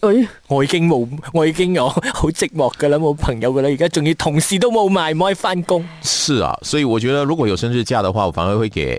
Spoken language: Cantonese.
我我已經冇，我已經有好寂寞㗎喇，冇朋友㗎喇，而家仲要同事都冇埋，唔可以返工。是啊，所以我覺得如果有生日假的話，我反而會給。